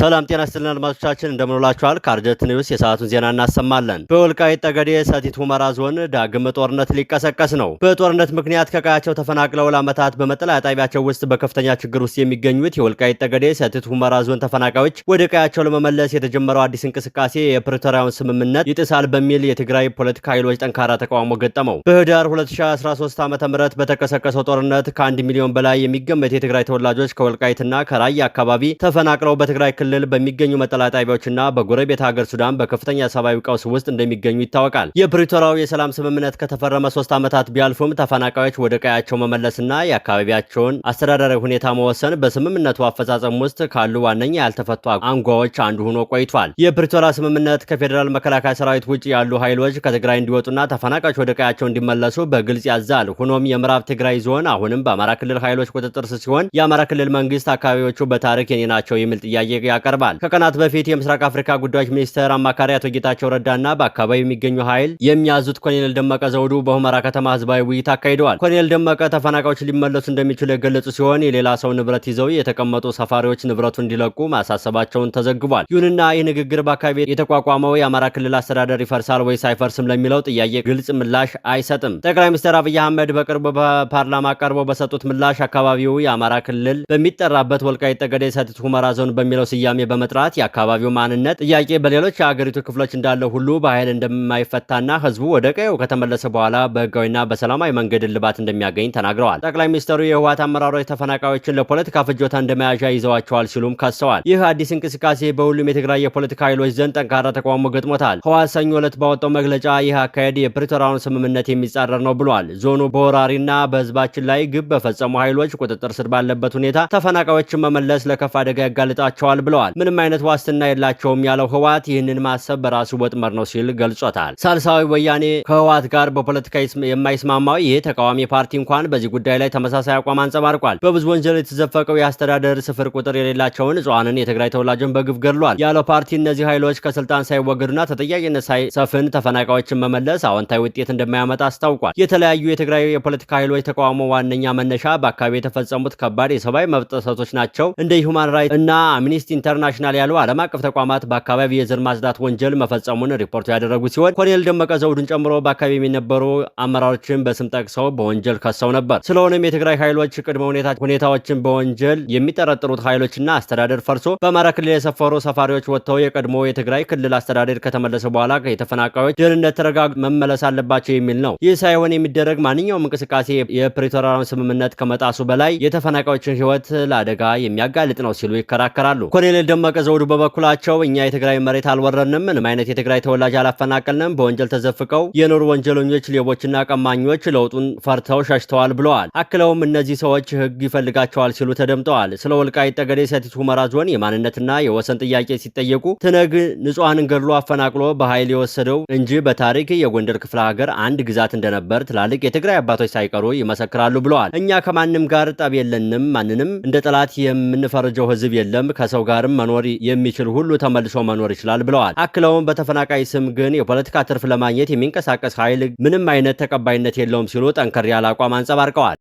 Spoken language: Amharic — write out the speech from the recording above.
ሰላም ጤና ይስጥልን አድማጮቻችን፣ እንደምንውላችኋል። ከአርጀት ኒውስ የሰዓቱን ዜና እናሰማለን። በወልቃይት ጠገዴ ሰቲት ሁመራ ዞን ዳግም ጦርነት ሊቀሰቀስ ነው። በጦርነት ምክንያት ከቀያቸው ተፈናቅለው ለዓመታት በመጠለያ ጣቢያቸው ውስጥ በከፍተኛ ችግር ውስጥ የሚገኙት የወልቃይት ጠገዴ ሰቲት ሁመራ ዞን ተፈናቃዮች ወደ ቀያቸው ለመመለስ የተጀመረው አዲስ እንቅስቃሴ የፕሪቶሪያውን ስምምነት ይጥሳል በሚል የትግራይ ፖለቲካ ኃይሎች ጠንካራ ተቃውሞ ገጠመው። በህዳር 2013 ዓ ም በተቀሰቀሰው ጦርነት ከአንድ ሚሊዮን በላይ የሚገመት የትግራይ ተወላጆች ከወልቃይትና ከራያ አካባቢ ተፈናቅለው በትግራይ ክልል ክልል በሚገኙ መጠላ ጣቢያዎችና በጎረቤት ሀገር ሱዳን በከፍተኛ ሰብአዊ ቀውስ ውስጥ እንደሚገኙ ይታወቃል። የፕሪቶሪያው የሰላም ስምምነት ከተፈረመ ሶስት ዓመታት ቢያልፉም ተፈናቃዮች ወደ ቀያቸው መመለስና የአካባቢያቸውን አስተዳደራዊ ሁኔታ መወሰን በስምምነቱ አፈጻጸም ውስጥ ካሉ ዋነኛ ያልተፈቱ አንጓዎች አንዱ ሆኖ ቆይቷል። የፕሪቶሪያ ስምምነት ከፌዴራል መከላከያ ሰራዊት ውጭ ያሉ ኃይሎች ከትግራይ እንዲወጡና ተፈናቃዮች ወደ ቀያቸው እንዲመለሱ በግልጽ ያዛል። ሆኖም የምዕራብ ትግራይ ዞን አሁንም በአማራ ክልል ኃይሎች ቁጥጥር ስር ሲሆን የአማራ ክልል መንግስት አካባቢዎቹ በታሪክ የኔ ናቸው የሚል ጥያቄ ያቀርባል። ከቀናት በፊት የምስራቅ አፍሪካ ጉዳዮች ሚኒስትር አማካሪ አቶ ጌታቸው ረዳና በአካባቢ የሚገኙ ኃይል የሚያዙት ኮሎኔል ደመቀ ዘውዱ በሁመራ ከተማ ህዝባዊ ውይይት አካሂደዋል። ኮሎኔል ደመቀ ተፈናቃዮች ሊመለሱ እንደሚችሉ የገለጹ ሲሆን የሌላ ሰው ንብረት ይዘው የተቀመጡ ሰፋሪዎች ንብረቱ እንዲለቁ ማሳሰባቸውን ተዘግቧል። ይሁንና ይህ ንግግር በአካባቢ የተቋቋመው የአማራ ክልል አስተዳደር ይፈርሳል ወይስ አይፈርስም ለሚለው ጥያቄ ግልጽ ምላሽ አይሰጥም። ጠቅላይ ሚኒስትር አብይ አህመድ በቅርቡ በፓርላማ ቀርበው በሰጡት ምላሽ አካባቢው የአማራ ክልል በሚጠራበት ወልቃይት ጠገዴ፣ ሰቲት ሁመራ ዞን በሚለው ስያ ስያሜ በመጥራት የአካባቢው ማንነት ጥያቄ በሌሎች የአገሪቱ ክፍሎች እንዳለው ሁሉ በኃይል እንደማይፈታና ህዝቡ ወደ ቀየው ከተመለሰ በኋላ በህጋዊና በሰላማዊ መንገድ እልባት እንደሚያገኝ ተናግረዋል። ጠቅላይ ሚኒስትሩ የህወሓት አመራሮች ተፈናቃዮችን ለፖለቲካ ፍጆታ እንደመያዣ ይዘዋቸዋል ሲሉም ከሰዋል። ይህ አዲስ እንቅስቃሴ በሁሉም የትግራይ የፖለቲካ ኃይሎች ዘንድ ጠንካራ ተቃውሞ ገጥሞታል። ህወሓት ሰኞ ዕለት ባወጣው መግለጫ ይህ አካሄድ የፕሪቶራውን ስምምነት የሚጻረር ነው ብሏል። ዞኑ በወራሪና በህዝባችን ላይ ግብ በፈጸሙ ኃይሎች ቁጥጥር ስር ባለበት ሁኔታ ተፈናቃዮችን መመለስ ለከፍ አደጋ ያጋልጣቸዋል ብሏል። ብለዋል። ምንም አይነት ዋስትና የላቸውም ያለው ህወሓት ይህንን ማሰብ በራሱ ወጥመር ነው ሲል ገልጾታል። ሳልሳዊ ወያኔ ከህወሓት ጋር በፖለቲካ የማይስማማው ይህ ተቃዋሚ ፓርቲ እንኳን በዚህ ጉዳይ ላይ ተመሳሳይ አቋም አንጸባርቋል። በብዙ ወንጀል የተዘፈቀው የአስተዳደር ስፍር ቁጥር የሌላቸውን እጽዋንን የትግራይ ተወላጆችን በግፍ ገድሏል ያለው ፓርቲ እነዚህ ኃይሎች ከስልጣን ሳይወገዱና ተጠያቂነት ሳይሰፍን ተፈናቃዮችን መመለስ አዎንታዊ ውጤት እንደማያመጣ አስታውቋል። የተለያዩ የትግራይ የፖለቲካ ኃይሎች ተቃውሞ ዋነኛ መነሻ በአካባቢ የተፈጸሙት ከባድ የሰብአዊ መብት ጥሰቶች ናቸው እንደ ሁማን ራይት እና አምኒስቲ ኢንተርናሽናል ያሉ ዓለም አቀፍ ተቋማት በአካባቢ የዘር ማጽዳት ወንጀል መፈጸሙን ሪፖርቱ ያደረጉ ሲሆን ኮሎኔል ደመቀ ዘውዱን ጨምሮ በአካባቢ የሚነበሩ አመራሮችን በስም ጠቅሰው በወንጀል ከሰው ነበር። ስለሆነም የትግራይ ኃይሎች ቅድመ ሁኔታዎችን በወንጀል የሚጠረጥሩት ኃይሎችና አስተዳደር ፈርሶ በአማራ ክልል የሰፈሩ ሰፋሪዎች ወጥተው የቀድሞ የትግራይ ክልል አስተዳደር ከተመለሰ በኋላ የተፈናቃዮች ደህንነት ተረጋ መመለስ አለባቸው የሚል ነው። ይህ ሳይሆን የሚደረግ ማንኛውም እንቅስቃሴ የፕሪቶሪያ ስምምነት ከመጣሱ በላይ የተፈናቃዮችን ህይወት ለአደጋ የሚያጋልጥ ነው ሲሉ ይከራከራሉ። ኮሎኔል ኮሎኔል ደመቀ ዘውዱ በበኩላቸው እኛ የትግራይ መሬት አልወረንም፣ ምንም አይነት የትግራይ ተወላጅ አላፈናቀልንም፣ በወንጀል ተዘፍቀው የኖር ወንጀለኞች ሌቦችና ቀማኞች ለውጡን ፈርተው ሸሽተዋል ብለዋል። አክለውም እነዚህ ሰዎች ህግ ይፈልጋቸዋል ሲሉ ተደምጠዋል። ስለ ወልቃይት ጠገዴ ሰቲት ሁመራ ዞን የማንነትና የወሰን ጥያቄ ሲጠየቁ ትነግ ንጹሐንን ገድሎ አፈናቅሎ በኃይል የወሰደው እንጂ በታሪክ የጎንደር ክፍለ ሀገር አንድ ግዛት እንደነበር ትላልቅ የትግራይ አባቶች ሳይቀሩ ይመሰክራሉ ብለዋል። እኛ ከማንም ጋር ጠብ የለንም፣ ማንንም እንደ ጠላት የምንፈርጀው ሕዝብ የለም ከሰው ጋር ሀገርም መኖር የሚችል ሁሉ ተመልሶ መኖር ይችላል ብለዋል። አክለውም በተፈናቃይ ስም ግን የፖለቲካ ትርፍ ለማግኘት የሚንቀሳቀስ ኃይል ምንም አይነት ተቀባይነት የለውም ሲሉ ጠንከር ያለ አቋም አንጸባርቀዋል።